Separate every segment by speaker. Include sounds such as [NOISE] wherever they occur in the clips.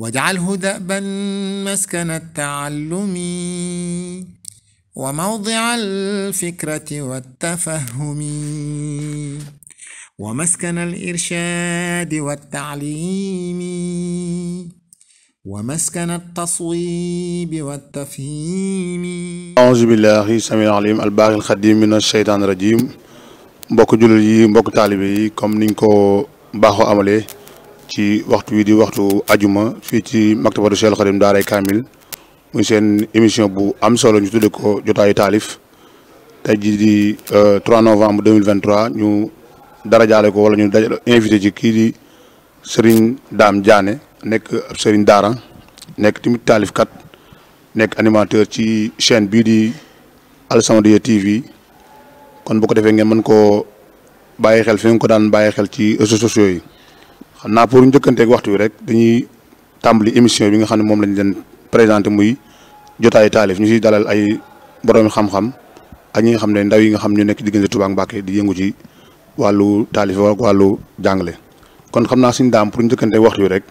Speaker 1: واجعله دأبا مسكن التعلم
Speaker 2: وموضع الفكرة والتفهم ومسكن الإرشاد والتعليم
Speaker 1: ومسكن التصويب والتفهيم
Speaker 2: أعوذ بالله السميع العليم الباقي الخديم من الشيطان الرجيم mbokk jullit yi mbokk taalibe yi comme niñ ko baaxoo amalee ci waxtu wii di waxtu ajuma fii ci maktabatu Cheikh Khadim daaray Kamil mu seen émission bu am solo ñu tudde ko jotaayu taalif tey jii di 3 euh, novembre 2023 ñu dara jaale ko wala ñu daj invité ci kii di sëriñ daam jaane nekk ab Daara nekk tamit taalifkat nekk animateur ci chaîne bii di Al Samadiyya TV kon bu ko defee ngeen mën koo bàyyi xel fi nga ko daan bàyyi xel ci réseaux sociaux yi. xam naa pour njëkkanteeg waxtu wi rek dañuy tàmbali émission bi nga xam ne moom lañ leen présenté muy jotaay taalif ñu siy dalal ay borom xam-xam ak ñi nga xam ne ndaw yi nga xam ñu nekk diggante Touba ak Mbacké di yëngu ci wàllu taalif ak wàllu jàngale. kon xam naa suñu daam pour njëkkanteeg waxtu wi rek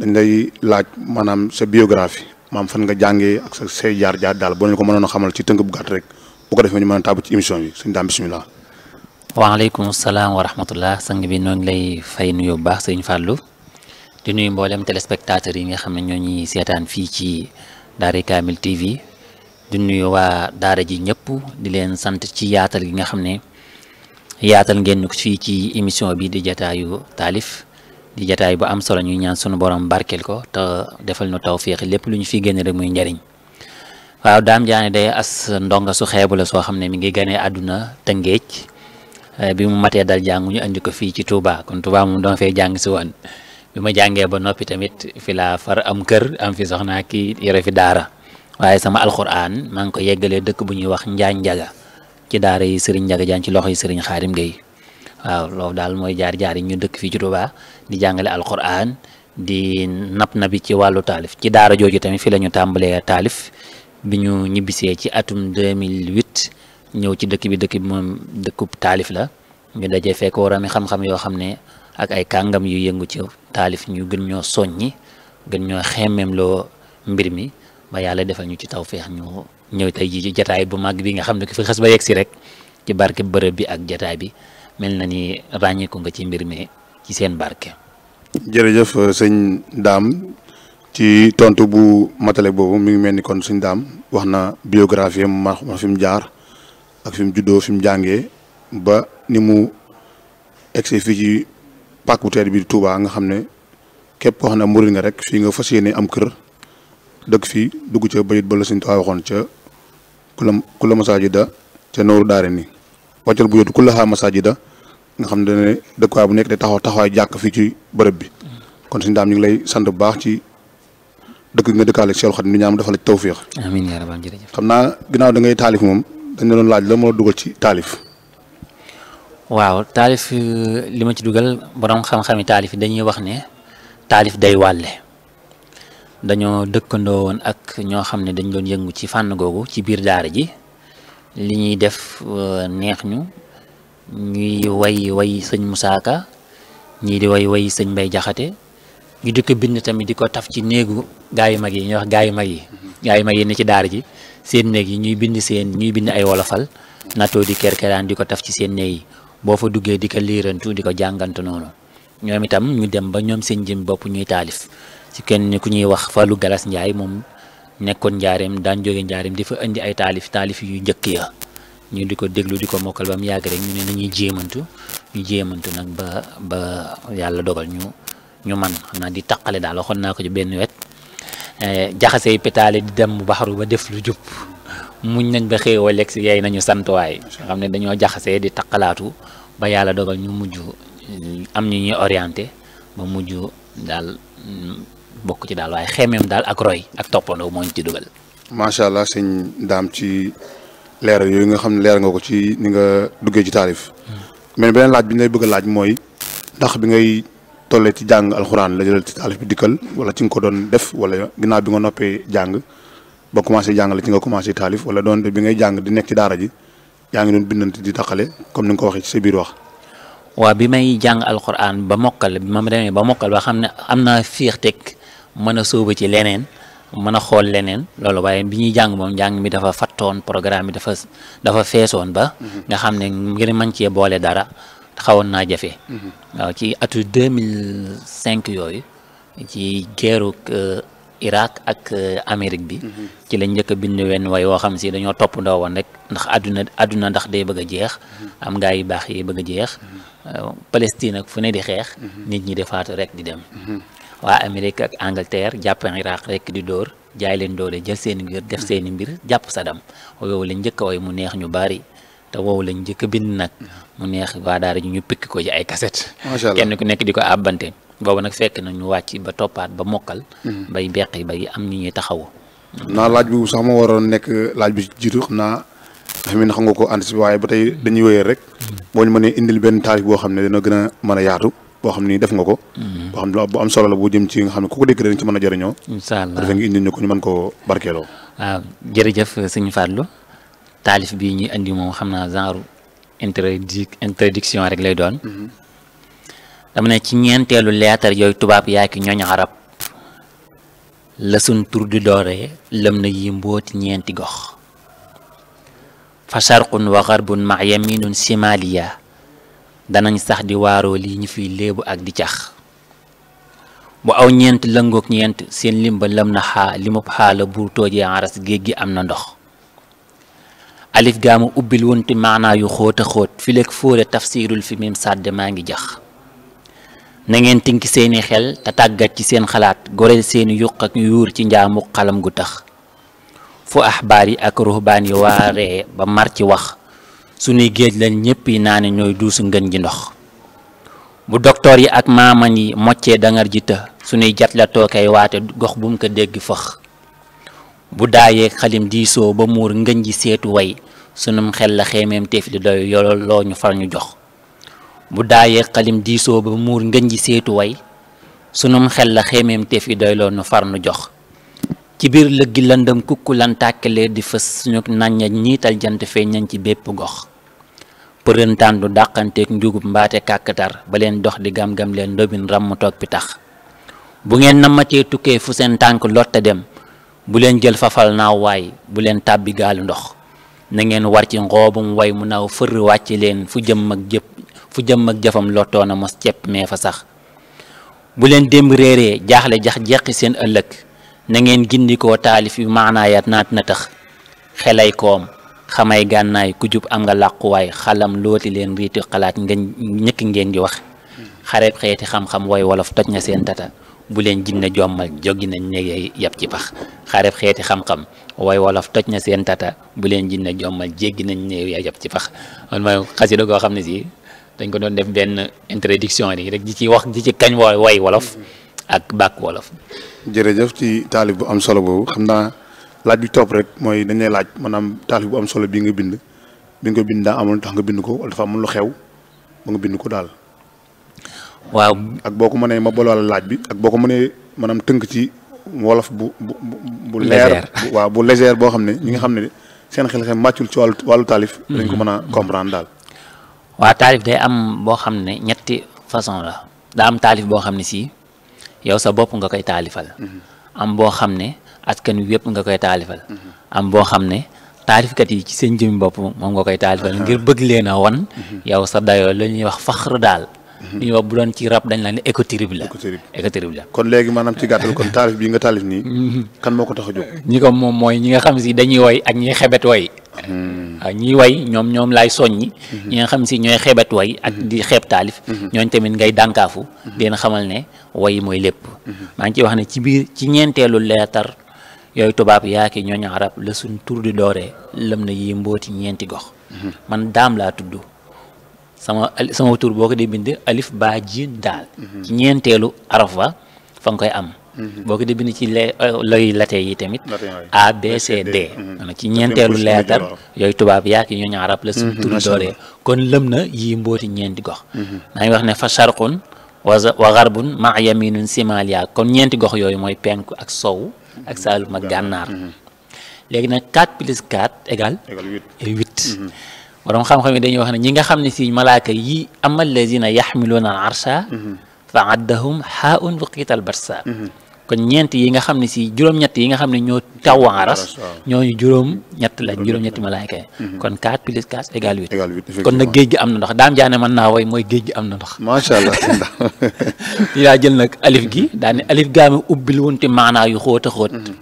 Speaker 2: dañ day laaj maanaam sa biographie maam fan nga jàngee ak sa say jaar jaar daal boo ñu ko mënoon a xamal ci tënk bu rek bu ko defee ñu mën a tàbb ci émission bi suñu
Speaker 1: waaleykum salaam wa rahmatullah sang bi noo lay fay nuyu bu baax sëñ Fallou di nuyu mboolem téléspectateur yi nga xam ne ñoo ñuy seetaan fii ci Daaray Kamil TV di nuyu waa daara ji ñëpp di leen sant ci yaatal gi nga xam ne yaatal ngeen ko fii ci émission bi di jataayu taalif di jataay bu am solo ñuy ñaan sunu borom barkeel ko te defal nu tawféex lépp lu ñu fi génn rek muy njariñ waaw Dame Diané day as ndonga su xeebu la soo xam ne mu ngi ganee àdduna Tëngéej Eh, bi mu matee dal jàng ñu andi ko fii ci Touba kon Touba moom dama fee jàng si woon bi ma jàngee ba noppi tamit fi laa far am kër am fi soxnaa ki yore fi daara waaye sama alxuraan maa ngi ko yeggalee dëkk bu ñuy wax Njaañ Njaga ci daara yi Serigne Njaga jaan ci loxo yi Serigne Xaadim Gueye waaw loolu daal mooy jaar jaar ñu dëkk fii ci Touba di jàngale alxuraan di nap na bi ci wàllu taalif ci daara jooju tamit fi la ñu tàmbalee taalif bi ñu ñibbisee ci atum ñëw ci dëkk bi dëkk bi moom dëkkub taalif la ñu dajee fekk warami xam-xam yoo xam ne ak ay kàngam yu yëngu ci taalif ñu gën ñoo soññi gën ñoo xemmeem loo mbir mi ba yàlla defal ñu ci tawféex ñu ñëw tey ji ci jataay bu mag bi nga xam ne ku fi xas ba yegg si rek ci barke bërëb bi ak jataay bi mel na ni ràññeeku nga ci mbir mi ci seen barke.
Speaker 2: jërëjëf euh, sëñ daam ci tontu bu matale boobu mu ngi mel ni kon sëñ daam wax na biographie ma fi mu jaar. ak fi mu juddoo fi mu jàngee ba ni mu egsi fii ci pàkku teer bi Touba nga xam ne képp koo xam ne nga rek fii nga fas yéene am kër dëkk fii dugg ca bayit ba la Sëñ Tuubaa waxoon ca kulam kula masaajida ca nooru daare ni wàccal bu yóotu kulaha masaajida nga xam ne dëkkuwaay bu nekk day taxaw jàkk fii ci bërëb bi kon suñu daam ñu lay sant bu baax ci dëkk bi nga dëkkaale ñu ñaam defal la naa ginnaaw da taalif moom dañ doon laaj la moo dugal ci taalif.
Speaker 1: waaw taalif euh, li ma ci dugal boroom xam-xami taalif yi dañuy wax ne taalif day wàlle dañoo dëkkandoo woon ak ñoo xam ne dañ doon yëngu ci fànn googu ci biir daara ji li ñuy def euh, neex ñu ñuy way way sëñ Moussa Ka ñii di way way sëñ Mbay Jaxate ñu di ko bind tamit di ko taf ci néegu gaa yu mag yi ñuy wax gaa yu mag yi gaa yu mag yi ne ci daara ji seen néeg yi ñuy bind seen ñuy bind ay wolofal nattoo di kerkeraan di ko taf ci seen néeg yi boo fa duggee di ko liirantu di ko jàngant noonu ñoom itam ñu dem ba ñoom seen jëm bopp ñuy taalif ci kenn ku ñuy wax Fallou Galas njaay moom nekkoon njaareem daan jóge njaareem di fa indi ay taalif taalif yu njëkk ya ñu di ko déglu di ko mokkal ba yàgg rek ñu ne nañuy jéemantu ñu jéemantu nag ba ba yàlla dogal ñu man xam naa di taqale daal waxoon naa ko Eh, jaxasey pétale di dem baxaru ba def lu jub muñ nañ ba xéewal lekk si yaay nañu santuwaay nga xam ne dañoo jaxasee di taqalaatu ba yàlla dogal ñu mujj am ñu ñuy orienté ba mujj daal mm, bokk ci daal waaye xemeem daal ak roy ak toppandoo moo ñu ci dugal.
Speaker 2: macha allah sëñ daam ci leeral yooyu nga xam ne leer nga ko ci ni nga duggee ci taarif. Hmm. mais beneen laaj bi ñu lay laaj mooy ndax bi ngay. tollee ci jàng alxuraan la jëlal ci alif bi dikkal wala ci nga ko doon def wala ginnaaw bi nga noppee jàng ba commencé jàng la ci nga commencé taalif wala doon bi ngay jàng di nekk ci daara ji yaa ngi doon bindante di taqale comme ni nga ko waxee ci sa biir wax. waaw bi may jàng
Speaker 1: alxuraan ba mokkal bi ma demee ba mokkal ba xam ne am naa fiix teg mën a soobo ci leneen mën a xool leneen loolu waaye bi ñuy jàng moom jàng mi dafa fattoon programme bi dafa dafa feesoon ba. Mhm. nga xam ne ngir mën cee boole dara. xawoon naa jafe. Mhm. waaw ci atu deux mille cinq yooyu ci geeru euh, Irak ak euh, Amérique bi. Mhm. ci la njëkk bind wenn way woo xam si dañoo topp ndoo woon rek ndax àdduna àdduna ndax day bëgg a jeex. Mhm. am gaa yu baax yi bëgg a jeex. Palestine ak fu ne di xeex. nit ñi di faatu rek di dem. waa Amérique ak Angleterre jàppan Irak rek di dóor jaay leen doole jël seen i mbir def seen mbir jàpp Saddam yooyu la njëkk a way mu neex ñu bari. te wow lañ njëkk a bind nag mu neex waa daara ji ñu pikk ko ci ay kaset macha kenn ku nekk di ko àbbante boobu nag fekk na ñu wàcc ba toppaat ba mokkal mm-hmm. bay beqi bay am ñu ñuy taxawu
Speaker 2: naa laaj bu sax ma waroon nekk laaj bi jiitu xam naa xam ne xam nga ko anticipé waaye ba tey dañuy wéyal rek mm-hmm. boo ñu mënee indil benn taarix boo xam ne dina gën a mën a yaatu boo xam ni def nga ko mm-hmm. boo xam ne bu am solo la bu jëm ci nga xam ne ku ko dégg dañ ci mën a jëriñoo incha allah defe nga indil ñu ko ñu mën koo barkeeloo
Speaker 1: waaw jërëjëf sëñ taalif bii ñuy indi moom xam naa genre introdi introduction rek lay doon mhm. dama ne ci ñeenteelu leetar yooyu tubaab yaa ki ñooñ arab la suñ tur di dooree lëm na yi mbooti ñeenti gox fa sharqun wa garbun ma yaminun simaliya danañ sax di waaroo lii ñu fiy léebu ak di cax bu aw ñeent lëngoog ñeent seen limba lëm na xaa limub xaa la buur toojee aras géej gi am na ndox alif gaama ubbil wunti maanaa yu xóot a xóot fileeg fóore tafsirul fi mim sàdde maa ngi jax na ngeen tinki seeni xel te tàggat ci seen xalaat goreel seeni yuq ak yuur ci njaamu xalam gu tax fu axbaar yi ak ruhbaan yi waaree ba mar ci wax suñuy géej lañ ñépp yi naa ne ñooy duusu ngën ji ndox bu doktoor yi ak maaman yi moccee dangar ji të suñuy jat la tookay waate gox bu mu ko dégg fëx bu daayeeg xalim diisoo ba muur ngëñ ji seetu way sunum xel la xeemeem teef di doy loo ñu far ñu jox bu daayeeg xalim diisoo ba muur ngëñ ji seetu way sunum xel la xeemeem teef di doy loo ñu far ñu jox ci biir lëggi lëndëm kukku lan di fës suñu nàñña ñiital jant feeñañ ci bépp gox përëntaan du dàqanteeg njugub mbaate kàkkatar ba leen dox di gam-gam leen ndobin ràmm toog pi tax bu ngeen namatee tukkee fu seen tànk lotta dem bu leen jël fafal naaw waay bu leen tàbbi gaalu ndox na ngeen war ci ngoobum way mu naaw fër wàcc leen fu jëm ak jëm ak jëfam lottoona mos cepp mee fa sax bu leen démb réeree jaaxle jax jeqi seen ëllëg na ngeen gindikoo taalif yu maanaayaat naat na tëx xelay koom xamay gànnaay ku jub am nga làquwaay xalam looti leen riiti xalaat ngeen ñëkk ngeen di wax xareb xeeti xam-xam way wolof toj na seen tata bu leen jinne jommal joggi nañ ne yab ci pax xareb xeeti xam-xam way wolof toj na seen tata bu leen jinne jommal jéggi nañ ne yap ci pax man mooy xasida goo xam ne si dañ ko doon def
Speaker 2: benn introduction yi rek di ci wax di ci kañ wooy way wolof ak bàkk wolof jërëjëf ci taalif bu am solo boobu xam naa laaj bi topp rek mooy dañ laaj maanaam taalif bu am solo bi nga bind bi nga bind daa amoon tax nga bind ko wala dafa amoon lu xew ba nga bind ko daal waaw ak boo ko mënee ma bolwal laaj bi ak boo ko mënee maanaam tënk ci wolof bu bu leer waaw bu légère boo xam ne ñu ngi xam ne seen xel xel màccul ci wàllu taalif dañ mm-hmm. ko mën a comprendre daal
Speaker 1: waaw taalif day am boo xam ne ñetti façon la daa am taalif boo xam ne si yow sa bopp nga koy taalifal mm-hmm. am boo xam ne askan wi yëpp nga koy taalifal mm-hmm. am boo xam ne taalifkat yi ci seen jëmi bopp moom nga koy taalifal [LAUGHS] ngir bëgg leen a wan yow sa dayoo la ñuy wax faxr daal li mhm. ñuy wax bu doon ci rab dañ laa ne écotrip la écotrip la
Speaker 2: kon léegi maanaam
Speaker 1: ci gàttal kon taalif bii nga taalif nii xam mhm. moo ko tax a jóg ñi ko moom mooy ñi nga xam si dañuy woy ak ñi xebet woy waaw mhm. ah, ñiy way ñoom ñoom laay soññi ñi nga xam si ñooy xeebet way ak di xeeb taalif ñooñ tamit ngay dànkaafu deen xamal ne way mooy lépp maa ngi ciy wax ne ci biir ci ñeenteelu leetar yooyu tubaab yaa yaaki ñooñ arab la suñ tur di dooree lëm na yi mbooti ñeenti gox man daam laa tudd sama sama tur boo ko dee bind alif ba jiin daal ci mhm. ñeenteelu araf wa fa nga koy am mhm. boo ko dee bind ci lay lay late yi tamit a b c d mhm. ci ñeenteelu leetar yooyu tubaab yaa yi ñooñu arab la suñ turu doole kon lëm na yi mbooti ñeenti gox maa wax ne fa charqun wa garbun ma yaminun simalia kon ñeenti gox yooyu mooy penk ak sow ak saalum ak gànnaar léegi nag 4 plus 4 égale 8 borom xam-xam yi dañuy wax ne ñi nga xam ne si malaaka yi ama allazina yaxmiluuna al arsha fa addahum xaaun buqiital barsa kon ñeent yi nga xam ne si juróom-ñett yi nga xam ne ñoo taw aras ñooñu juróom-ñett lañ juróom-ñetti malaayka yi mhm. kon 4 plus 4 égale 8 kon nag géej gi am na ndox daam jaane mën naa woy mooy géej gi am na ndox macha allah [LAUGHS] laa jël nag alif gi mhm. daane alif gaami ubbil wunti maanaa yu xóot a mhm.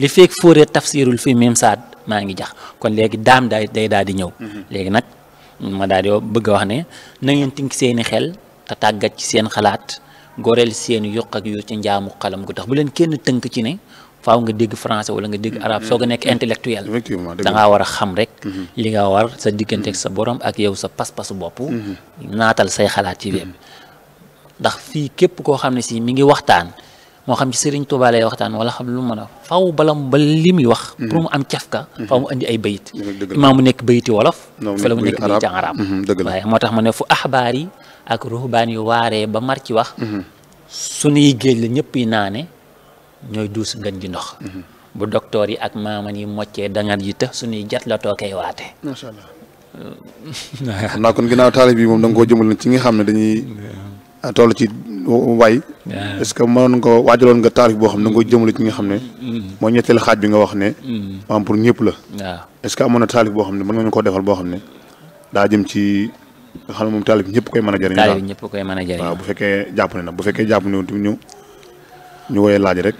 Speaker 1: li feek fóoree tafsirul fi mim maa ngi jax kon léegi daam day day daal di ñëw. Mhm. léegi nag ma daal di bëgg a wax ne na ngeen tënk seeni xel te tàggat ci seen xalaat goreel seen yokk ak yu ci njaamu xalam ko tax bu leen kenn tënk ci ne. faaw nga dégg français wala nga dégg mhm. arabe soo ko nekk mhm. intellectuel da ngaa war a xam rek li nga war sa diggante ak sa borom ak yow sa pas-pasu bopp naatal say xalaat ci web ndax fii képp koo xam ne si mi ngi waxtaan moo xam ci Serigne Touba lay waxtaan wala xam lu mu a faw balam ba li wax. Mhm. pour mu am cafka. Mhm. faw mu andi ay bayit. imaam mu nekk bayti wolof. fële mu nekk bayti arab mhm, waaye moo tax ma ne fu axbaar yi ak ruhbaan yu waaree ba mar ci wax. suñuy géej la ñëpp yi naane ñooy duus ngën ji ndox. bu docteur yi ak maaman yi moccee dangar ji su suñuy jat la tookay waate. macha allah. [LAUGHS]
Speaker 2: xam naa da way est-ce que mënoon nga waajaloon nga taarif boo xam ne da nga jëmale ci nga xam ne mm-hmm. mooy ñetteelu xaaj bi nga wax ne mm-hmm. maanaam pour ñëpp la waaw est-ce que amoon na taarif boo xam ne moom taalib ñëpp koy a jëriñ koy mën a jëriñ waaw bu fekkee jàpp bu fekkee jàpp ne ñu ñu woyee laaj rek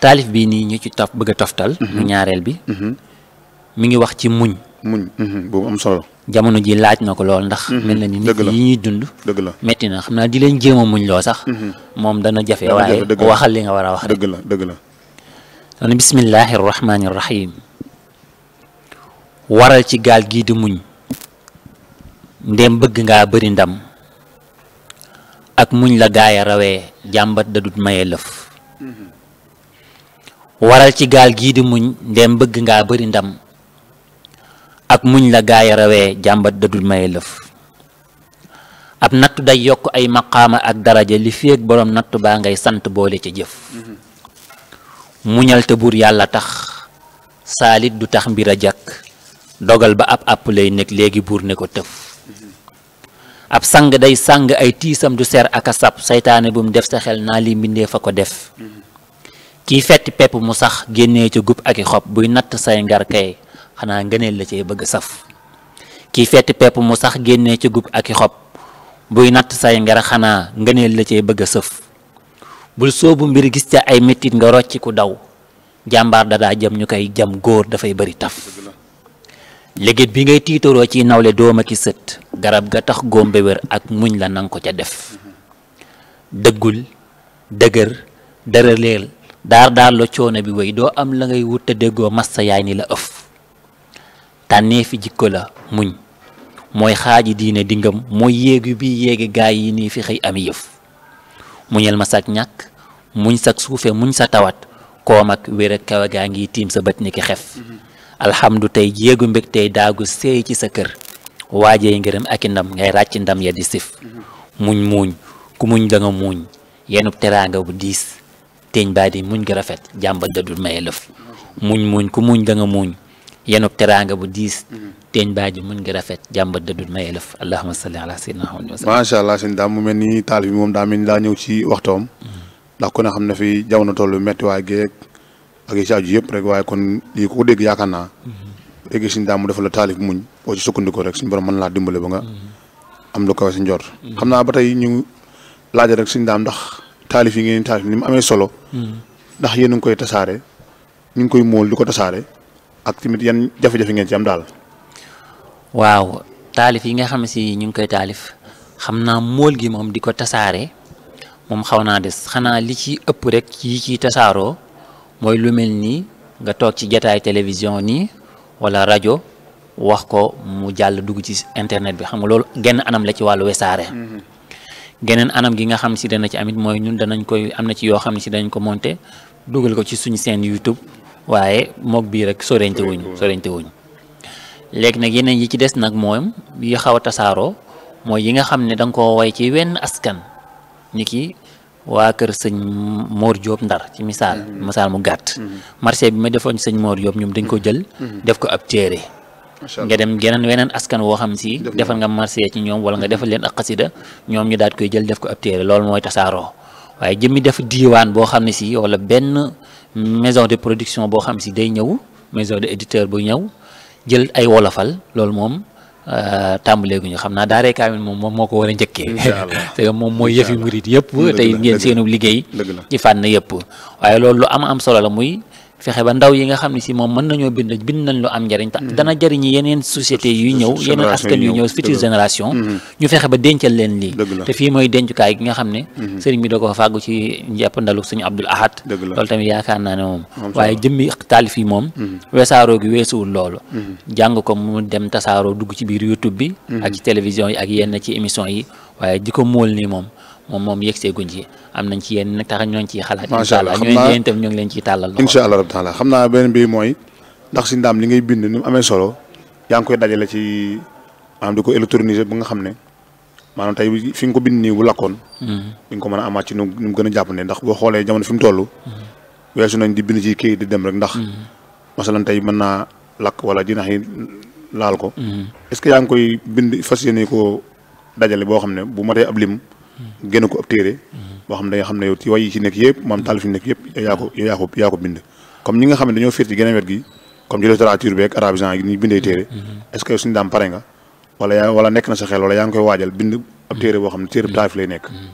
Speaker 2: taalif bi nii ñu ci taf bëgg a toftal mm-hmm. mu ñaareel bi mi ngi wax ci
Speaker 1: muñ muñ boobu am solo jamono ji laaj na ko lool ndax. Mhm. mel na ni nit yi ñuy dund. dëgg la na xam naa di leen jéem muñ loo sax. Mhm. moom dana jafe waaye waxal li nga war a wax. dëgg la dëgg la. dana bismillahi rahmaani rahim waral ci gaal gii di muñ. ndéem bëgg ngaa bëri ndam. ak muñ la gaaya rawee jàmbat dadut maye lëf. Mhm. waral ci gaal gii di muñ ndéem bëgg ngaa bëri ndam. ak muñ la gaay rawee jàmbat dadul maye lëf ab nattu day yokk ay maqaama ak daraja li féeg boroom nattu baa ngay sant boole ca jëf muñal te buur yàlla tax saalit du tax mbir a jàkk dogal ba ab àpp lay nekk léegi buur ne ko tëf ab sang day sang ay tiisam du ser ak a sab saytaane bu mu def sa xel naa li mbindee fa ko def kiy fetti pepp mu sax génnee ca gub ak i xob buy natt say ngar kay xanaa ngëneel la cee bëgg saf kii fetti pepp mu sax génne ca gub ak i xob buy natt say ngara xanaa ngëneel la cee bëgg a sëf bul soobu mbir gis ca ay mettit nga rocci ku daw jàmbaar dadaa jëm ñu koy jam góor dafay bari taf légit bi ngay tiitaroo ci nawle dooma ki sët garab ga tax góombe ak muñ la nang ko ca def dëggul dëgër dërëleel daar daar la coono bi wéy doo am la ngay wut te déggoo mas sa yaay ni la ëf tànnee fi jikko la muñ mooy xaaji diine dingam mooy yéegu bi yéegi gaay yi nii fi xëy ami yëf muñel ma sag ñàkk muñ sag suufe muñ sa tawat koom ak wér ak kaw gaa ngi tiim sa bët ni ki xef alhamdu tey yéegu mbég tey daagu seey ci sa kër waajee ngërëm ak i ndam ngay ràcc ndam ya di sif muñ muuñ ku muñ da nga muuñ yenub teraanga bu diis teeñ baa di muñ ga rafet jàmbat da dul lëf muñ muuñ ku muñ da nga yenub teraanga bu diis mm-hmm. teeñ baaji mën ngi rafet jàmbat dëddul may elëf allahuma salli ala sayyidina muhammad macha
Speaker 2: allah sëñ daam mu mel ni taal bi moom daa mel ni daa ñëw ci waxtoom mm-hmm. ndax ku ne xam ne fi jamono toll metti waaye géeg a yi ci aju yëpp rek waaye kon lii ko dégg yaakaar naa dégg mm-hmm. sëñ daam mu dafa la taalif muñ boo ci sukkandikoo rek suñu borom man laa dimbale ba nga am lu kawe si njort xam naa ba tey ñu laaj rek sëñ daam ndax taalif yi ngeen taalif ni amee solo ndax yéen a koy tasaare ñu ngi koy móol di ko tasaare ak tamit yan jafe-jafe ngeen ci am daal. waaw
Speaker 1: taalif yi nga xam ne si ñu ngi koy taalif xam naa mool gi moom di ko tasaare moom xaw naa des xanaa li ci ëpp rek yi ciy tasaaroo mooy lu mel nii nga toog ci jataay télévision nii wala rajo wax ko mu jàll dugg ci internet bi xam nga loolu genn anam la ci wàllu wesaare. Mm-hmm. geneen anam gi nga xam si dana ci amit mooy ñun danañ koy am na ci yoo xam ne si dañ ko monter dugal ko ci suñu seen YouTube. waaye mook bii rek sorente wuñ sorente wuñ léegi nag yeneen yi ci des nag moom yi xaw a tasaaroo mooy yi nga xam ne da nga koo way ci wenn askan ni ki waa kër sëñ Mor Diop Ndar ci misaal mhm. misaal mu gàtt mhm. marché bi ma defoon sëñ Mor Diop ñoom dañ ko mhm. jël def ko ab téere nga dem geneen weneen askan woo xam si defal nga marché ci ñoom wala nga defal leen ak xasida ñoom ñu daat koy jël def ko ab téere loolu mooy tasaaroo waaye jëmmi def diiwaan boo xam ne si maison de production boo xam si day ñëw maison de éditeur bu ñëw jël ay wolofal loolu moom euh, tàmbaleeguñu xam naa daaree kaamil moom moom moo ko war a njëkkee te [LAUGHS] moom mooy yëfi murit yëpp tey ngeen seenu liggéey ci fànn yëpp waaye loolu lu am am solo la muy fexe ba ndaw yi nga xam ne si moom mën nañoo bind bind nañ lu am njariñ ta mm-hmm. dana jëriñi yeneen société yuy ñëw yeneen askan yu ñëw future génération mm-hmm. ñu fexe ba dencal leen lii te fii mooy dencukaay gi nga xam ne mm-hmm. sëriñ bi da ko fàggu ci njàpp ndalu suñu Abdul Ahad loolu tamit yaakaar naa ne moom waaye jëmmi taalif yi moom weesaaroo gi weesuwul loolu jàng ko mu dem tasaaroo dugg ci biir YouTube bi ak ci télévision yi ak yenn ci émission yi waaye ji moom moom yegg see guñ am nañ ci yenn nag tax ñoo ngi ciy xalaat. macha allah xam naa yéen tam ñu ngi leen ciy tàllal. incha
Speaker 2: allah rabbi taala xam naa beneen bi mooy ndax si ndaam li ngay bind ni mu amee solo yaa ngi koy dajale ci maanaam ko électroniser ba nga xam ne maanaam tey fi nga ko bind nii bu lakkoon. Mhm. di nga ko mën a amaat ci nu mu gën a jàpp ne ndax boo xoolee jamono fi mu toll. Mhm. weesu nañ di bind ci kii di dem rek ndax. Mhm. masalan tey mën naa lakk wala dinax yi laal ko. est-ce que yaa ngi koy bind fas yéene ko dajale boo xam ne bu ma matee ab lim génn ko ab téere boo xam ne danga xam ne yow ci way yi ci yëpp maam taalif yi nekk yëpp yaa ko yaa ko bind comme ñi nga xam ne dañoo féet ci geneen wet gi comme ci littérature bi ak mhm. daam pare nga wala yaa wala nekk na sa xel yaa ngi koy waajal bind ab téere boo xam ne téere taalif lay nekk mhm.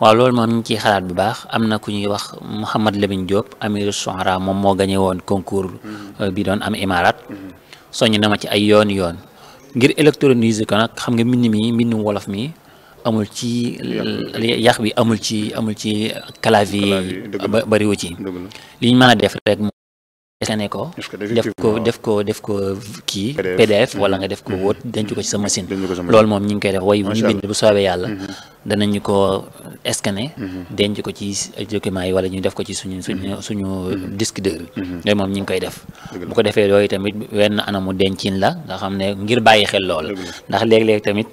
Speaker 1: waaw loolu moom ñu ngi ciy xalaat bu baax am na ku ñuy wax Mouhamad Lamine Diop amiru sohra moom moo gagné woon concours mhm. euh, bi doon am imarat soññ na ma ci ay yoon yoon ngir électroniser ko nag xam nga mbind mi mbindum wolof mi amul ci yàq bi amul ci amul ci clavier bariwu ci liñ mën a def rek moom scanné ko def ko def ko def ko kii pdf mhm. wala nga def ko mhm. wóot denc ko ci sa machine lool moom ñi ngi koy def way ñu bind bu soobee yàlla mhm. danañu ko scanné denc ko ci document yi wala ñu def ko ci suñu suñu suñu disque dur moom ñi ngi koy def bu ko defee yooyu tamit wenn anamu dencin la nga xam ne ngir bàyyi xel lool ndax léeg-léeg tamit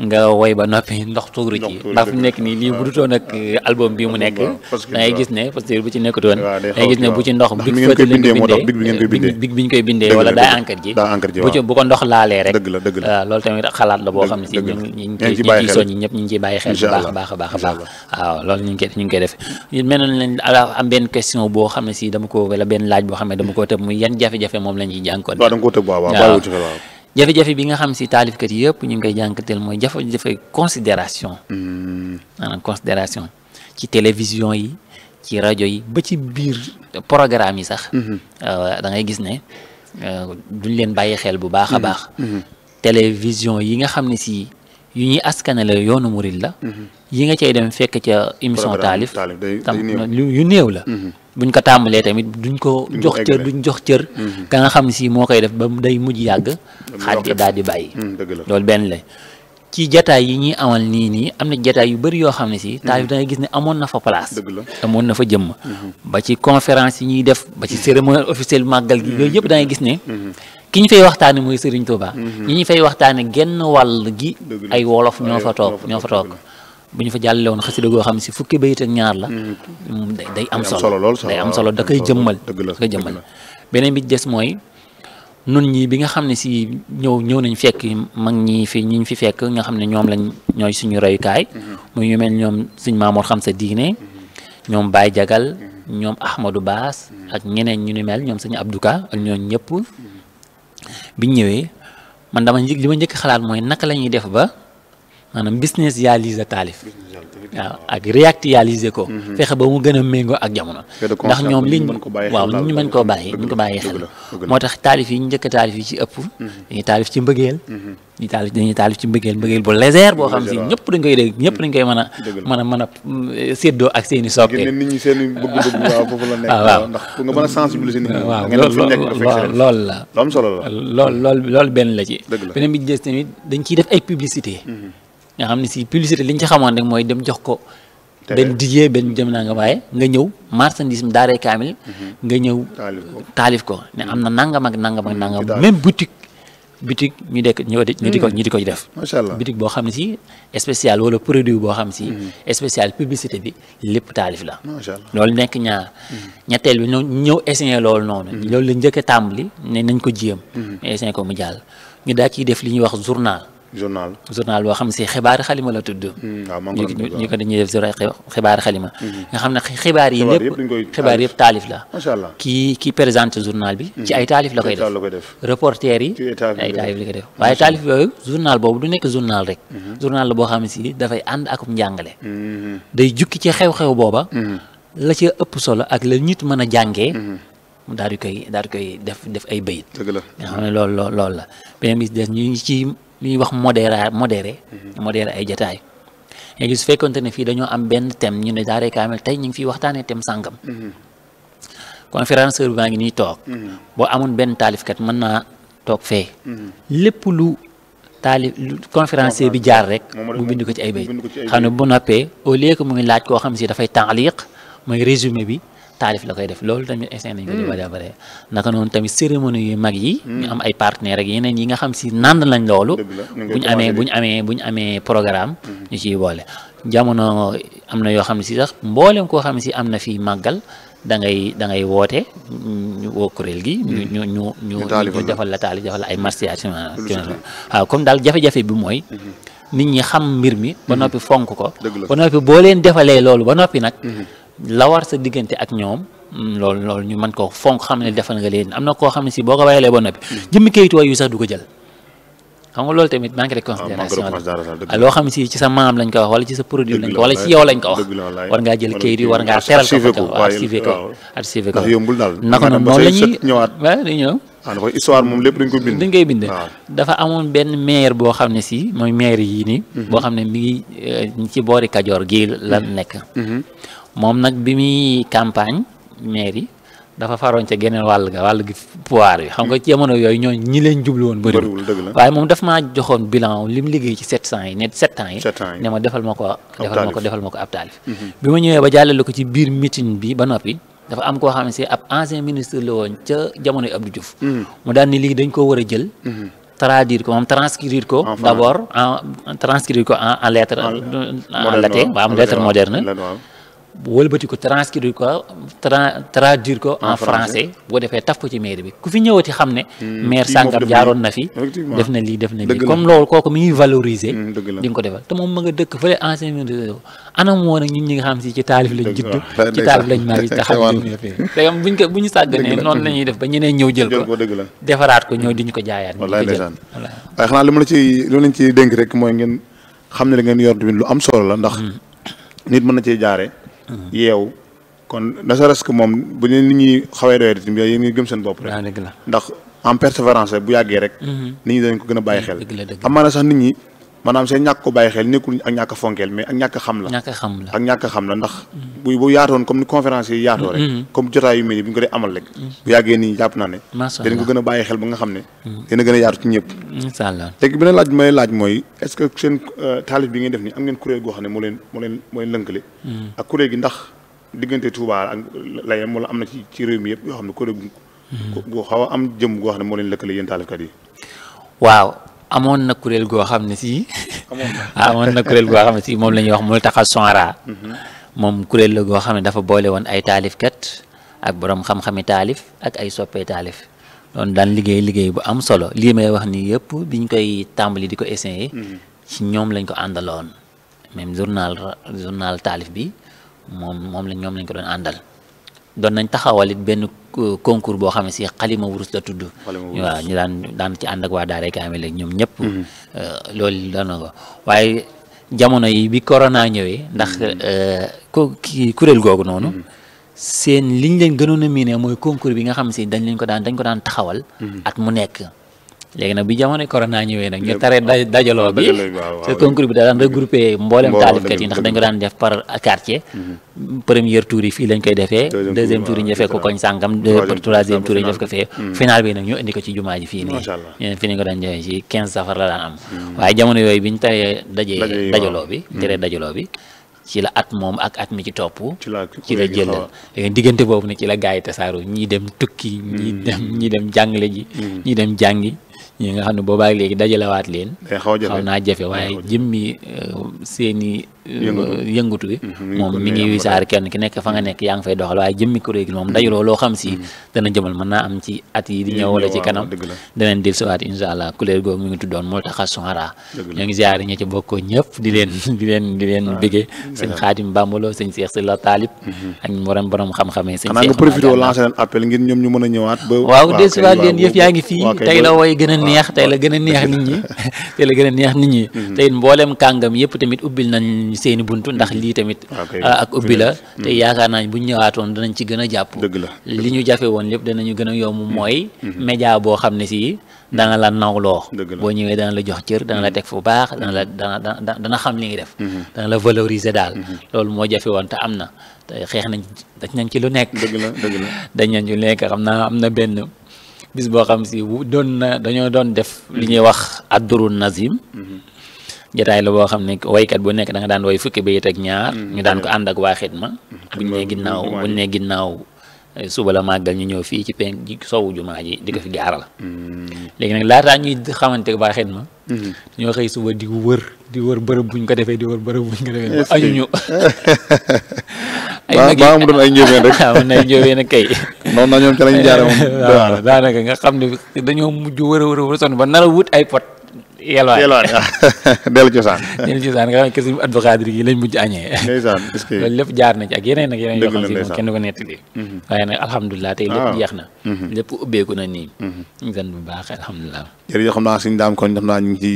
Speaker 1: nga woy ba noppi ndox tuuru ci ndax fu nekk nii lii bu dutoon ak ah. album bi mu nekk da ngay gis ne parce bu ci nekkutoon da gis ne bu ci ndox big fët bi ñu koy bindee wala daa encre ji bu ci bu laalee rek waaw ah, loolu tamit xalaat la boo xam ne si ñu ñu ngi ciy bàyyi xel baax baax baax waaw loolu ñu ngi koy ñu ngi koy am benn question boo xam ne si dama ko wala benn laaj boo xam ne dama koo tëb muy yan jafe-jafe moom lañ ciy jànkoon waaw jafe-jafe bi nga xam si taalifkat yëpp ñu ngi koy jànkateel mooy jafe-jafe considération hmm. maanaam ci télévision yi ci rajo yi ba ci biir programme yi sax hmm. euh, da ngay gis ne euh, duñ leen bàyyi xel bu baax a hmm. baax télévision yi nga xam ne si yu ñuy askanale yoonu murid la yi nga cay dem fekk ca émission taalif tam yu néew la buñ ko tàmbalee tamit duñ ko jox cër duñ jox cër mm-hmm. ka nga xam si moo koy def ba day mujj yàgg xaaj daal di bàyyi mm, loolu benn la ci jataay yi ñi amal nii nii am na jataay yu bari yoo xam ne si taalif mm-hmm. da gis ne amoon na fa place amoon na fa jëmm mm-hmm. ba ci conférence yi ñuy def ba ci cérémonie officielle màggal gi yooyu yëpp da gis ni ki ñu fay waxtaane mooy Serigne Touba ñi ñu fay waxtaane genn wàll gi ay wolof ñoo fa toog ñoo fa toog bu ñu fa jàllale woon xasida goo xam si fukki bayit ñaar la. Mm. day am solo lool day am solo da koy jëmmal da koy beneen bi des mooy nun ñi bi nga xam ne si ñëw ñëw nañ fekk mag ñi fi ñu fi fekk nga xam ne ñoom lañ ñooy suñu reyukaay mm-hmm. muy ñu mel ñoom suñ Maamoor xam sa diine mm-hmm. ñoom baay Jagal mm-hmm. ñoom Ahmadou Baas ak ñeneen ñu ni mel ñoom suñu Abdou Ka ak ñooñ ñëpp ñëwee man dama li ma njëkk xalaat mooy naka la ñuy def ba maanaam business yaliser taalif waaw ak réactualiser ko mhm. fexe ba mu gën a méngoo ak jamono ndax ñoom liñ waaw ñu mën koo bàyyi ñu ko bàyyi xel moo tax taalif yi ñu njëkk taalif yi ci ëpp mhm. dañuy taalif ci mbëggeel mhm. ñu taalif dañuy taalif ci mbëggeel mbëggeel bu légère boo xam si ñëpp dañ koy dégg ñëpp dañ koy mën a mën a mën mm, a ak seen i soppe nit
Speaker 2: ñi seen bëgg-bëgg waaw foofu la nekk ah, waaw nga mën a sensibiliser nit ñi waaw
Speaker 1: loolu benn la ci beneen bi ci des tamit dañ ciy def ay publicité nga xam ne si publicité li ñu ci xamoon rek mooy dem jox ko. benn dijee benn dem naa nga waaye nga ñëw marchandise mi daaree kaamil. Mhm. nga ñëw taalif ko ne am na nangam ak nangam ak mhm. nangam. même boutique boutique ñu dekk ñu di ko mhm. ñu di ko def. macha boo xam ne si spécial wala produit boo xam si. spécial publicité bi lépp taalif la. macha allah loolu nekk ñaar. ñetteel bi ñoo ñëw essayer loolu noonu. loolu la njëkk a tàmbali ne nañ ko jiyam. mais essayer ko mu jàll ñu daa ciy def li wax journal. journal journal boo xam si xibaar xalima la tudd. Hmm, waaw maa ngi ñu ko dañuy def xibaar xalima. Hmm, hmm. nga xam ne xibaar yi
Speaker 2: lépp xibaar yëpp taalif la. macha allah
Speaker 1: kii kii présente journal bi. ci ay taalif la koy def reporter yi. ay taalif la koy def waaye taalif yooyu journal boobu du nekk journal rek. journal la boo xam si dafay ànd akum njàngale. day jukki ci xew-xew booba. la ci ëpp solo ak la nit man a jàngee. daal di koy daal di koy def def ay bayit. dëgg la nga xam ne loolu loolu la. beneen des ñu ngi ci. li ñuy wax modéra modéré mhm. modéré ay jataay léegi su fekkonte ne fii dañoo am benn thème ñu ne daaray kaamil tey ñu ngi fiy waxtaanee thème sàngam mhm. conférenceur bi maa ngi nii toog mhm. boo amoon benn taalifkat mën naa toog fee lépp lu taalif conférencier bi jaar rek mu bind ko ci ay bay xam ne bu noppee au lieu que mu ngi laaj koo xam si dafay taaliq mooy résumé bi taalif la koy def loolu tamit essayé mm. yu mag yi mm. ñu am ay partenaires ak yeneen yi nga xam si nànd lañ loolu buñ amee amee programme mm-hmm. ñu ciy boole jamono am na yoo xam ne si sax mboolem koo xam ne si am na fi màggal da ngay da ngay woote ñu woo gi. Mm-hmm. ñu ñu ñu ñu ñu defal la taalif defal la ay marsiyaat waaw comme daal jafe-jafe bi mooy. Mm-hmm. nit ñi xam mbir mi. ba noppi fonk ko. ba noppi boo leen defalee loolu ba noppi nag. la war sa diggante ak ñoom loolu mm, loolu ñu koo ko fonk xam ne defal nga leen am na koo xam si boo ko wayalee ba noppi hmm. jëmmi kayitu waay yu sax du ko jël xam nga loolu tamit manque de ah, considération la ah, loo xam si ci sa maam lañ ko wax wala ci sa produit lañ ko wala ci yow lañ ko wax war ngaa jël kayit yi war ngaa teral ko archivé ko archivé ko naka noonu noonu la ñuy
Speaker 2: ñëw waaw ah, dafa histoire moom lépp dañ ko bind. dañ koy bind ah.
Speaker 1: dafa amoon benn maire boo xam ne si mooy maire yii nii. Mhm. boo xam ne mi ngi euh, ci boori Kajoor gii la mhm. nekk. Mhm. moom nag bi muy campagne maire yi dafa faroon ca geneen wàll ga wàll gi pouvoir bi xam nga jamono yooyu ñoo ñi leen jublu woon
Speaker 2: bëriwul waaye
Speaker 1: moom daf maa joxoon bilan li mu liggéey ci sept cent yi ne sept ans yi ne ma ko defal ma ko defal ma ko ab taalif bi ma ñëwee ba jàllale ko ci biir meeting bi ba noppi dafa am ko xam ne si ab ancien ministre la woon ca jamonoy Abdou Diouf. Hmm. mu daan ni lii dañ ko war a jël. Hmm. traduire ko moom transcrire ko. d' abord en transcrire ko en en lettre. en latin waaw lettre moderne. wëlbati ko transcrire ko traduire ko en français boo defee taf ko ci maire bi ku fi ñëwati xam ne hmm, maire sàngam jaaroon na fi def na lii def na lii comme loolu kooku mi ñuy valoriser hmm, di nga ko defal te moom ma nga dëkk fële ancien ministre anam woon nga xam si ci taalif lañ judd [LAUGHS] ci taalif buñ ko bu noonu la ñuy def ba ñeneen ñëw jël ko defaraat ko ñëw diñu ko jaayaat wallaay ndeysaan
Speaker 2: waaye xanaa li ma la ci loolu rek mooy ngeen xam ne la ngeen yor tamit lu am solo la ndax hmm. nit mën na cee jaare yeewu kon ne serait-ce que moom bu ñu nit ñuy xawee doyee tamit yéen ngi gëm seen bopp rek ah, ndax en persévérance bu yàggee rek mhm. nit ñi dañ ko gën a bàyyi xel amaana sax nit ñi maanaam seen ñàkk ko bàyyi xel nekkul ak ñàkk a fonkeel mais ak ñàkk xam la ak ñàkk xam la ndax bu bu yaatoon comme ni conférence yi yaatoo rek mm-hmm. comme jotaay yu mel ni bu ñu ko dee amal rek mm-hmm. bu yàggee nii jàpp naa a ba nga xam ne mm-hmm. dina gën a yaatu mooy est-ce que seen euh, taalif goo xam ne moo leen moo leen moo leen lënkale ak kuréel gi ndax diggante Touba ak layam wala am na ci ci réew mi yëpp yoo xam ne kuréel gu xaw am jëm goo xam ne moo leen lëkkale yéen taalifkat yi waaw amoon na kuréel goo xam ne si [LAUGHS] [LAUGHS] amoon na kuréel goo xam ne si moom la ñuy
Speaker 1: wax multaqa sonra mhm. moom kuréel la goo xam ne dafa boole woon ay taalifkat ak boroom xam-xami taalif ak ay soppee taalif doon daan liggéey liggéey bu am solo lii may wax ni yëpp biñ koy tàmbali di ko essayer mhm. ci ñoom lañ ko àndaloon même journal journal taalif bi moom moom lañ ñoom lañ ko doon àndal doon nañ taxawalit benn euh, concours boo xam ne si xalima wurus la tudd waaw ñu daan daan ci ànd ak waa daaray kaamil ak ñoom ñëpp mm-hmm. euh, loolu doon na ko waaye jamono yi bi corona ñëwee ndax mm-hmm. euh, ko kii kuréel googu noonu mm-hmm. seen liñ leen gënoon a miinee mooy concours bi nga xam si dañ leen ko daan dañ ko daan taxawal at mu nekk léegi nag bi jamono corona ñëwee nag ñu taree dajaloo bi ce concours bi daan regroupé mboolem ndax dañ ko daan def par quartier mhm. première tour yi fii lañ koy defee deuxième tour yi ñu defee ko koñ sàngam troisième tour yi def ko fee mhm. final bi nag ñu ko ci jumaa ji fii nii fii nañ ko daan joxe ci quinze safar mhm. jamono yooyu biñ taree dajee dajaloo bi taree dajaloo bi ci la at moom ak at mi ci topp ci la jëlal diggante boobu nag ci la gars yi tasaaroo ñii dem tukki ñii ñii dem jàngale ji ñii dem jàngi ñi nga xam ne boobaak léegi dajalewaat leen. xaw naa jafe euh, euh, mm-hmm. ngi wisaar kenn ki nekk fa nga mm-hmm. nekk yaa ngi fay doxal waaye jëmmi kuréel gi moom mm-hmm. loo xam si. dana jëmal mën naa am yi di ñëw wala ci kanam. danañ dil siwaat incha allah kuréel googu mi ngi tuddoon Multaxas Sohara ñoo ngi ziare ñi ci bokkoo ñëpp di leen di leen di leen bëggee sëñ Xaadim Bambalo sëñ Seex si la taalib ak mboolem borom xam-xamee sëñ xanaa nga profité lancé
Speaker 2: leen appel ngir ñoom ñu mën a ñëwaat ba waaw dil siwaat yëf yaa ngi fii tey la wooy
Speaker 1: gën a neex tey la gën a neex nit ñi [LAUGHS] tey la gën a neex nit ñi mhm. te it mbooleem kàngam yëpp tamit ubbil nañ seeni bunt ndax lii tamit ah, ah, ak ubbi la mhm. te yaakaar naa buñ ñëwaatoon danañ ci gën a jàpp li ñu jafe woon lépp danañu gën a yomb mhm. mooy média boo xam ne si dana la nawloo boo ñëwee dana la jox cër dana la teg fu baax dana la dana dana xam li ngi def dana la valoriser daal loolu moo jafe woon te am na te xeex nañ dañ ci lu nekk [LAUGHS] dañ nañ lu nekk xam naa am na benn bis boo xam si bu doon na dañoo doon def li ñuy wax adduru nazim mhm. jataay la boo xam ne waykat bu nekk da nga daan way fukki bayit ak ñaar mhm. ñu daan ko ànd ak waa xidma mhm. buñ ne ginnaaw buñ ne ginnaaw suba la màggal ñu ñëw fii ci penk sowu jumaa ji di ko fi gaaral mm. mm. léegi nag laataa ñuy xamante ba xet ma ñoo xëy suba di wër di wër bërëb buñ ko defee di wër bërëb buñ ko defee añu ñu [LAUGHS] ba am doon ay njóobeen rek [LAUGHS] am [LAUGHS] daanaka nga xam ne dañoo mujj wër a wër a wër ba nar wut ay pot yelwaan yelwaan [LAUGHS] dellu cosaan dellu cosaan nga xam ne kër si Abdou Khadir yi lañ mujj añee ndeysaan [LAUGHS] loolu lépp jaar na ci ak yeneen ak yeneen yoo xam ne kenn ko nettali mhm. waaye nag alhamdulilah tey lépp ah. jeex mhm. lépp ubbeeku na nii mhm. ñu sant bu baax alhamdulilah
Speaker 2: jërëjëf xam naa suñu daam kon xam naa ñu ci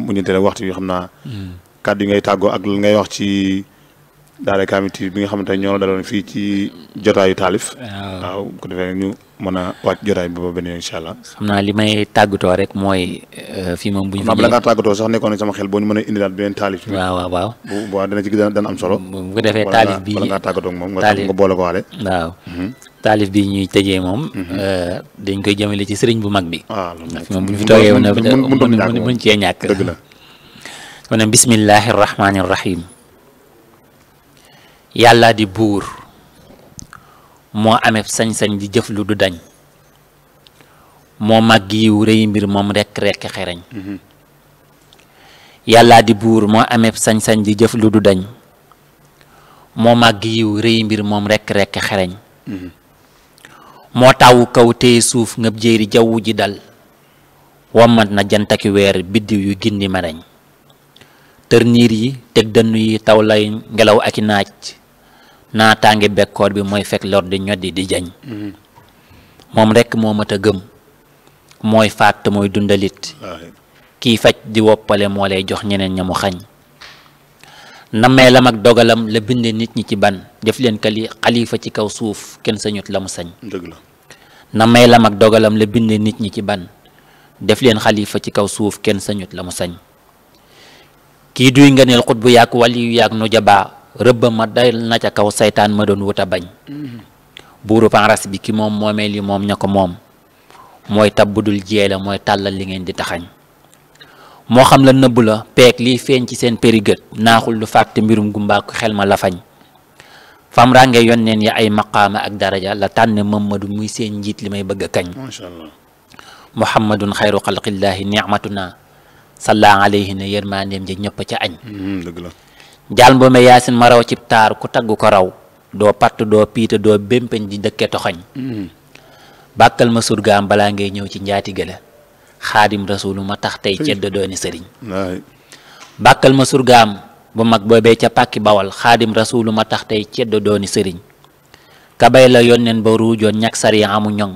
Speaker 2: mu ñu tele waxtu yi xam naa kàddu yi ngay tàggoo ak lu ngay wax ci daal Kaamil TV bi nga xamante ne ñoo la daloon fii ci jotaayu taalif. waaw bu ko defee ñu mën a wàcc jotaay bi ba beneen incha allah. xam
Speaker 1: naa li may tàggatoo rek mooy euh, fii moom bu ñu. xam naa ngaa
Speaker 2: tàggatoo sax nekkoon sama xel boo mën a indilaat beneen taalif. waaw waaw waaw bu bu ci dana am solo. bu ko defee taalif bi wala ngaa tàggatoo ak moom nga boole ko waale. waaw. Mhm.
Speaker 1: taalif moom mhm. euh, dañ koy jëmale ci sëriñ bu mag bi ah, moom bu ñu fi toogee woon mën cee ñàkk kon bismillahi rahmaani rahim yàlla di buur moo amee sañ-sañ di jëf lu du dañ moo màgg yiw rëy mbir moom rekk rekk xereñ mhm. yàlla di buur moo amee sañ-sañ di jëf lu du dañ moo màgg yiw rëy mbir moom rekk rekk xereñ mhm. moo tàwu kaw téye suuf nga jéeri jawwu ji dal wommat na jantaki weer biddiw yu gindi mareñ tërniir yi teg dënn yi taw lay ngelaw ak i naaj naataange bekkoor bi mooy fekk lor di ñoddi di jañ moom rekk moo mat a gëm mooy faat te mooy dundalit kiy faj di woppale moo lay jox ñeneen ña mu xañ nameelam ak dogalam la binde nit ñi ci ban def leen kali xalifa ci kaw suuf kenn sañut la mu sañ dëgg la nameelam dogalam la binde nit ñi ci ban def leen xalifa ci kaw suuf kenn sañut la mu sañ kii duy nga neel xut bu yàgg wàll yu yàgg nu jabaa rëbba ma dal na ca kaw saytaan ma doon wut a bañ buuru panras bi ki moom moomee li moom ña ko moom mooy tabbudul jeela mooy tàllal li ngeen di taxañ moo xam la nëbbu la peeg liy feeñ ci seen périgët naaxul lu fàtte mbirum gumbaaku xel ma la fañ fam rànge yonneen ya ay maqaama ak daraja la tànn Mamadu muy seen njiit li may bëgg a kañ masha Allah muhammadun xayru xalqillaahi nicmatuna salla alayhi ne yërmandeem ja ñëpp ca añ mm-hmm, jaal mboome yaasin ma raw cib taar ku tagg ko raw doo patt doo piita doo bémpañ di dëkke toxañ mm-hmm. bàkkal ma surgaam balaa ngay ñëw ci njaatige la xaadim rasuulu ma tax tey cedd dooni sëriñ bàkkal ma surgaam bu mag boobee ca pàkki bawal xaadim rasuulu ma tax tey cedd dooni sëriñ kabay la yónneen ba ruujoon ñak sari amu ñoŋ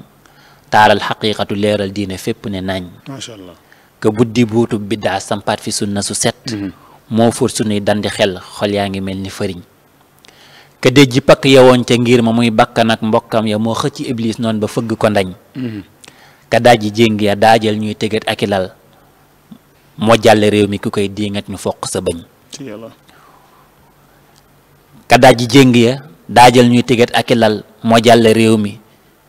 Speaker 1: taaral xaqiiqatu leeral diine fépp ne nañ masha Allah ka buddi buutub biddaa sampaat fi sunna su set mm-hmm. moo fur sunuy dandi xel xol yaa ngi mel ni fëriñ ka déj ji pakk yowoon ca ngir ma muy bakkan ak mbokkam ya moo xëcc iblis noon ba fëgg ko ndañ mm-hmm. ka daaj ji jéng ya daajal ñuy tëggat ak ilal moo jàll réew mi ku koy diingat ñu foq sa bañ ka jéng daajal ñuy tëggat ak moo jàll réew mi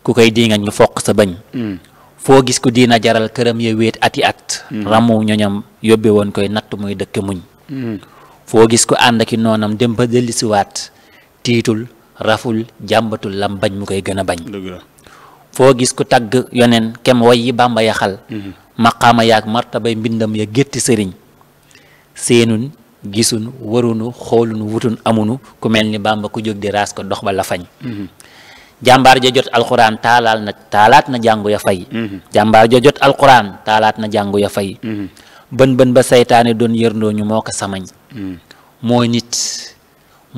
Speaker 1: ku koy diingat ñu foq sa bañ mm-hmm. foo gis ku diina jaral këram ya wéet ati at mm-hmm. ramu ñoñam yóbbe woon koy natt muy dëkk muñ foo gis ko ànd ak aki noonam dem ba dellusiwaat tiitul raful jàmbatul lam bañ mu koy gën a bañ foo gis ku tagg yoneen kem way yi bàmba yaxal mhm. maqaama yaag martabay mbindam ya gétti sëriñ seenun gisuñ warunu xoolunu wutun amunu ku mel ni bàmba ku jóg di raas ko dox ba la fañ mhm. jàmbaar ja jot alxuraan taalaal na taalaat na jàngu ya fay mhm. jàmbaar ja jot alxuraan taalaat na jàngu ya fay bën bën ba seytaane doon yërndoo ñu moo ko samañ mm. mooy nit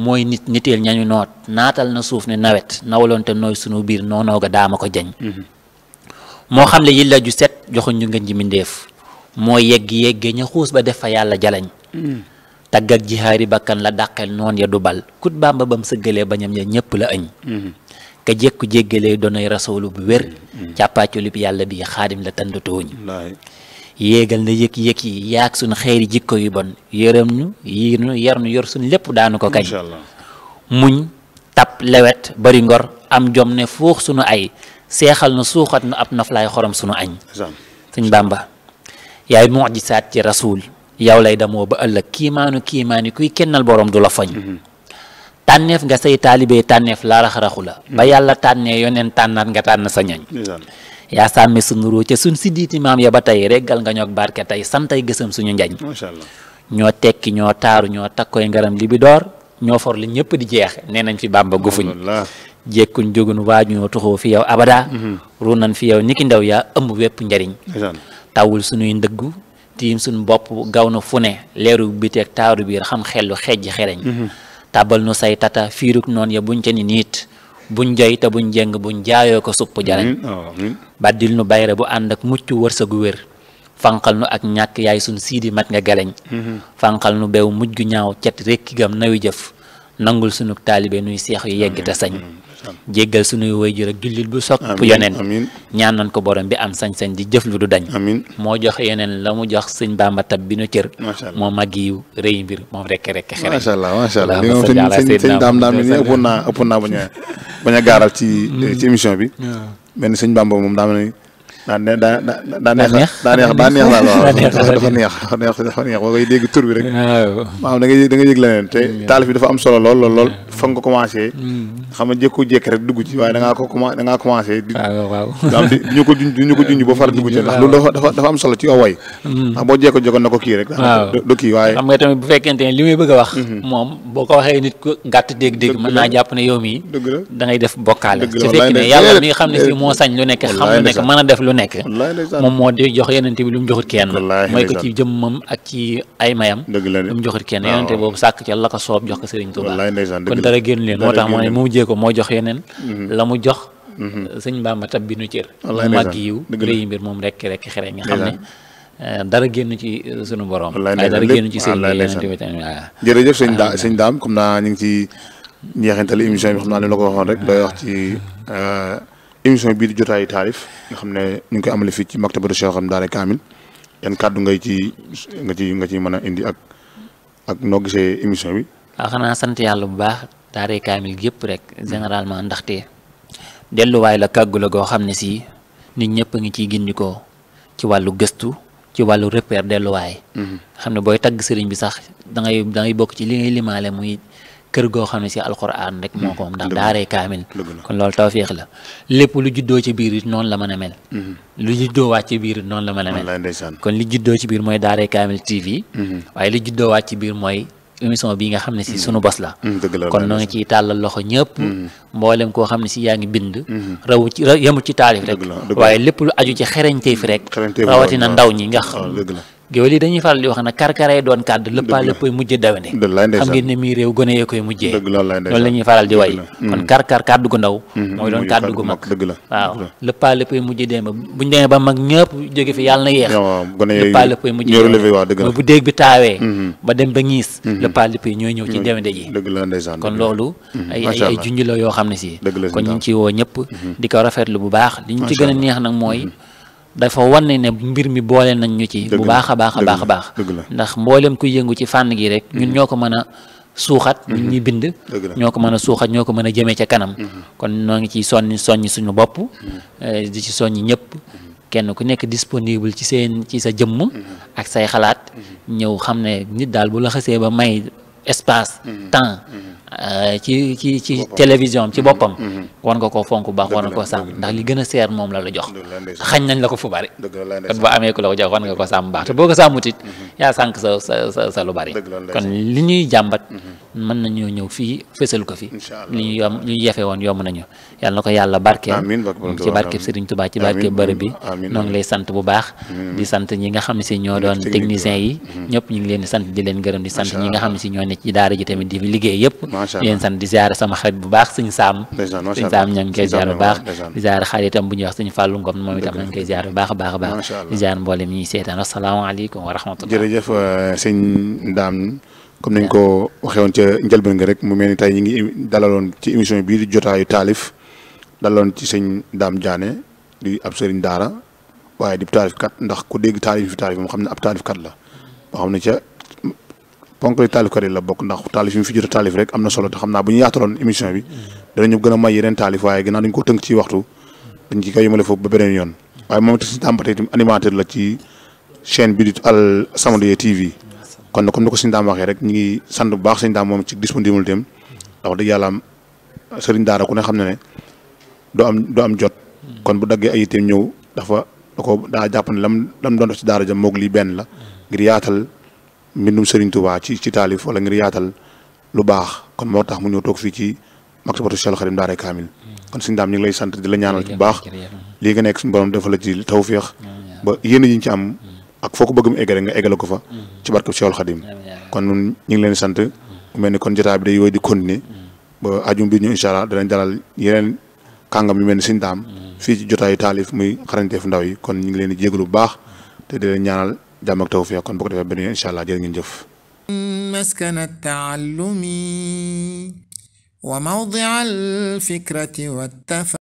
Speaker 1: mooy nit niteel ñañu noot naatal na suuf ne nawet nawaloonte nooy sunu biir noonoo daama ko jañ mm-hmm. moo xam ne yilla ju set joxuñ ñu ngën ji mindeef moo yegg yeggee ña xuus ba def fa yàlla jalañ mm. tagg ak jihaari bàkkan la dàqel noon ya du bal kut bàmba bam sëggalee bañam ya ñépp la añ mm-hmm. ka jékku jéggalee doonay rasoolu bu wér mm-hmm. càppaacolu bi yàlla bi xaadim la tënd tooñ yéegal na yëg yëg yi yaag suñ xeeri jikko yu bon yërëm ñu yiir nu yar ñu yor suñ lépp daanu ko kañ muñ tap lewet bari ngor am jom ne fuux sunu ay seexal na suuxat nu ab naflaay xorom sunu añ suñ bàmba yaay mujisaat ci rasuul yow lay damoo ba ëllëg kiimaanu kiimaani kuy kennal borom du la foñ mm-hmm. tànneef nga say taalibee tànneef laalaxaraxu la ba mm-hmm. yàlla tànnee yoneen tànnaat nga tànn sa ñañ yaa sàmmi sunu ruu ca suñ si diiti maam ya ba tey reggal nga ñoog barke tey santay gësam suñu njañ ñoo tekki ñoo taaru ñoo takkoy ngaram li ñoo for li ñëpp di jeex nee nañ fi bàmba gufuñ jékkuñ jógun waajuñoo tuxoo fi yow abada mhm. ru nañ fi yow niki ndaw yaa ëmb wépp njariñ tawul suñuy ndëggu tiim suñ bopp gaw na fu ne leeru bi teeg taaru biir xam xellu xejj xereñ mhm. tàbbal nu say tata fiiruk noon ya buñ ca ni niit buñ joy te buñ jeng buñ jaayoo ko supp jarañ baddil nu bayre bu ànd ak mucc wërsëgu wér fanqal nu ak ñàkk yaay suñ siidi mat nga galeñ mhm. fanqal nu beew mujj gu ñaaw cet rekki gam nawi jëf nangul sunu taalibe nuy seex yu yegg te sañ mhm. jéggal sunuy wayjur ak jullit bu sopp yoneen ñaan nañ ko borom bi am sañ-sañ di jëf lu du dañ moo jox yeneen la mu jox sëñ Bàmba tab bi nu cër moo mag yu rëy mbir moom rekke rekke xere macha
Speaker 2: allah macha allah li moom sëñ daam daam bi nii ëppoon naa ëppoon naa bañ a bañ a gaaral ci mm. ci émission bi benn sëñ Bàmba moom daa mel ni daa neex daa neex daa neex daa neex daal waaw dafa neex dafa neex dafa neex boo koy dégg tur bi rek maanaam da ngay da nga yëg leneen te taalif bi dafa am solo lool lool lool fa nga ko commencé. Mm. xam nga jékku-jékki rek dugg ci waaye da ngaa ko commencé da ah, ngaa commencé. waaw waaw di ñu ko junj di ñu ko junj ba far dugg ci [LAUGHS] ndax loolu dafa dafa am solo ci aw way. Mm. ndax boo jékko-jékkoon na ko kii rek. waaw do kii waaye. xam nga tamit bu fekkente ne li muy bëgg a wax. Mm-hmm. moom
Speaker 1: boo ko waxee nit ko gàtt dégg-dégg. mën naa jàpp ne yow mii. dëgg la da ngay def bokkaale. dëgg la wallaay ne yàlla mi nga xam ne si eh, moo sañ lu nekk xam lu nekk mën a def lu nekk. moom moo di jox yeneen bi lu mu joxut kenn. mooy ko ci jëmmam ak ci ay mayam. dëgg la lu mu joxut kenn yeneen boobu sàkk ca la ko soob jox ko Sëriñ Tuubaa dara génn leen moo tax moo ne mu mujjee ko moo jox yeneen mhm. la mu jox mhm. eh, sëñ Bamba tab bi nu cër mu màgg yiw réyi mbir moom rekk rekk xere nga xam ne eh, dara génn ci eh, sunu borom ay dara génn ci sëñ bi yeneen tamit jërëjëf sëñ daam
Speaker 2: sëñ daam comme naa ñu ngi ci njeexintali émission bi xam naa li la ko waxoon rek dooy wax ci émission bii di jotaayu taarif nga xam ne ñu ngi koy amale fii ci maktabatu Cheikh xam daara kaamil yan kàddu ngay ci nga ci nga ci mën a indi ak ak noo gisee émission bi
Speaker 1: waaw ah, xanaa sant yàlla bu baax daaree kaamil gi rek généralement ndaxte delluwaay la kàggu la goo xam ne si nit ñëpp a ngi ciy gindikoo ci wàllu gëstu ci wàllu repère delluwaay. Mhm. xam ne booy tagg sëriñ bi sax da ngay da ngay bokk ci li ngay limaale muy kër goo xam ne si alxuraan rek moo ko ndax mhm. daaree kaamil. kon loolu tawféex la lépp lu juddoo ci biir it noonu la mën a mel. Mhm. lu juddoo waat ci biir it noonu la mën a mel. kon li juddoo ci biir mooy daaree kaamil TV. waaye li juddoo waat ci biir mooy. émission bii nga xam ne si mm. sunu bos la
Speaker 2: mm, kon noo ngi
Speaker 1: ciy tàllal loxo ñëpp mm. mboolem koo xam ne si yaa ngi bind rawu ci taal ci taalif rek waaye lépp lu aju ci xereñteef rek rawatina ndaw ñi nga xam géwél yi dañuy faral di wax na karkaree doon kàdd lëppaa lëppay mujje dawene xam ngeen ne mii réew gone yee koy mujjee loolu la ñuy faral di way kon karkar kàddu gu ndaw mm-hmm. mooy doon kàddu gu mag waaw lëppaa lëppay mujje dem ba bu ñu demee ba mag ñëpp jóge fi yàlla na yeex lëppaa lëppay mujje mooy bu déeg bi taawee mm-hmm. ba dem ba ñiis mm-hmm. lëppaa lëppay ñooy ñëw ci dewende
Speaker 2: ji kon loolu ay ay junj
Speaker 1: la yoo xam ne si kon ñu ngi ci woo ñëpp di ko rafetlu bu baax li ñu ci gën a neex nag mooy dafa wane ne mbir mi boole nañ ñu ci bu baax a baax a baax a baax ndax mboolem kuy yëngu ci fànn gi rek ñun mhm. ñoo ko mën a suuxat mhm. ñu ñuy bind ñoo ko mën a suuxat ñoo ko mën a jëmee ca kanam mhm. kon noo ngi ci sonni soññ suñu bopp eh, di ci soññ ñëpp kenn ku nekk disponible ci seen ci sa jëmm ak say xalaat ñëw xam ne nit daal bu la xasee ba may espace temps Euh, ci ci ci télévision ci mhm. boppam. Mhm. war nga koo fonk baax war nga koo sàmm ndax li gën a seer moom la la jox. xañ nañ la ko fu bari. kon boo amee ku la ko jox war nga ko sàmm baax te boo ko sàmmut it mhm. yaa sànq sa sa sa lu bari. kon li ñuy jàmbat. mën nañoo ñëw fii fësal ko fi. li ñu yom li woon yomb nañu. yal na ko yàlla barkeel. ci barkeb Serigne Touba ci barkeb bërëb bi. noo ngi lay sant bu baax. di sant ñi nga xam ne si ñoo doon technicien yi. ñëpp ñu ngi leen di sant di leen gërëm di sant ñi nga xam ne si ñoo ne ci daara ji tamit di leen sant di ziare sama xarit bu baax suñu saam suñu saam ña ngi koy ziar bu baax di ziare xaritam bu wax suñu fàllu ngom moom itam ña ngi koy bu baax a baax a baax di ziar mboolem ñi seetaan asalaamaaleykum wa rahmatullah
Speaker 2: jërëjëf euh, sëñ daam ko waxee woon ca njëlbeen nga rek mu mel ni tey ñi ngi dalaloon ci émission bii di jotaayu taalif dalaloon ci sëñ daam Diané di ab sëriñ daara waaye di taalifkat ndax ku dégg taalif fi taalif moom xam ne ab kat la boo xam ne ca ponk li taalifkat yi la bokk ndax taalif yi mu fi a taalif rek am na a may yeneen taalif waaye ginnaaw dañu ko ba beneen yoon waaye moom itam Daam la ci chaîne bi di Al Samadiyya TV kon comme ni ko sëñ Daam waxee rek ñu ngi sant bu baax sëñ Daam moom ci disponibilité am ndax dëgg yàlla am sëriñ daara ku ne xam ne ne doo am jot kon bu daggee ay itam ñëw dafa da ko daa jàpp lam lam doon def ci daara jam moog lii benn la ngir yaatal mbindum Serigne Touba ci ci taalif wala ngir yaatal lu baax kon moo tax mu ñëw toog fii ci Maktabatu Cheikh Khadim Daaray Kaamil kon suñu daam ñu ngi lay sant di la ñaanal ci bu baax lii nga nekk suñu borom dafa la ci tawféex ba yéen ñi ci am ak foo ko bëgg mu eggale nga eggale ko fa mm-hmm. ci barkeb Cheikh Khadim kon ni kon jotaay bi day mm-hmm. ba ajum bi ñu incha allah danañ dalal yeneen kàngam yu mel ni suñu daam mm-hmm. fii ci jotaayu taalif muy xarañteef ndaw yi kon ñu ngi leen ñaanal jàmm ak tawfiq kon bu ko defee benn yoon incha allah jërë ngeen jëf مسكن التعلم وموضع الفكرة والتفاهم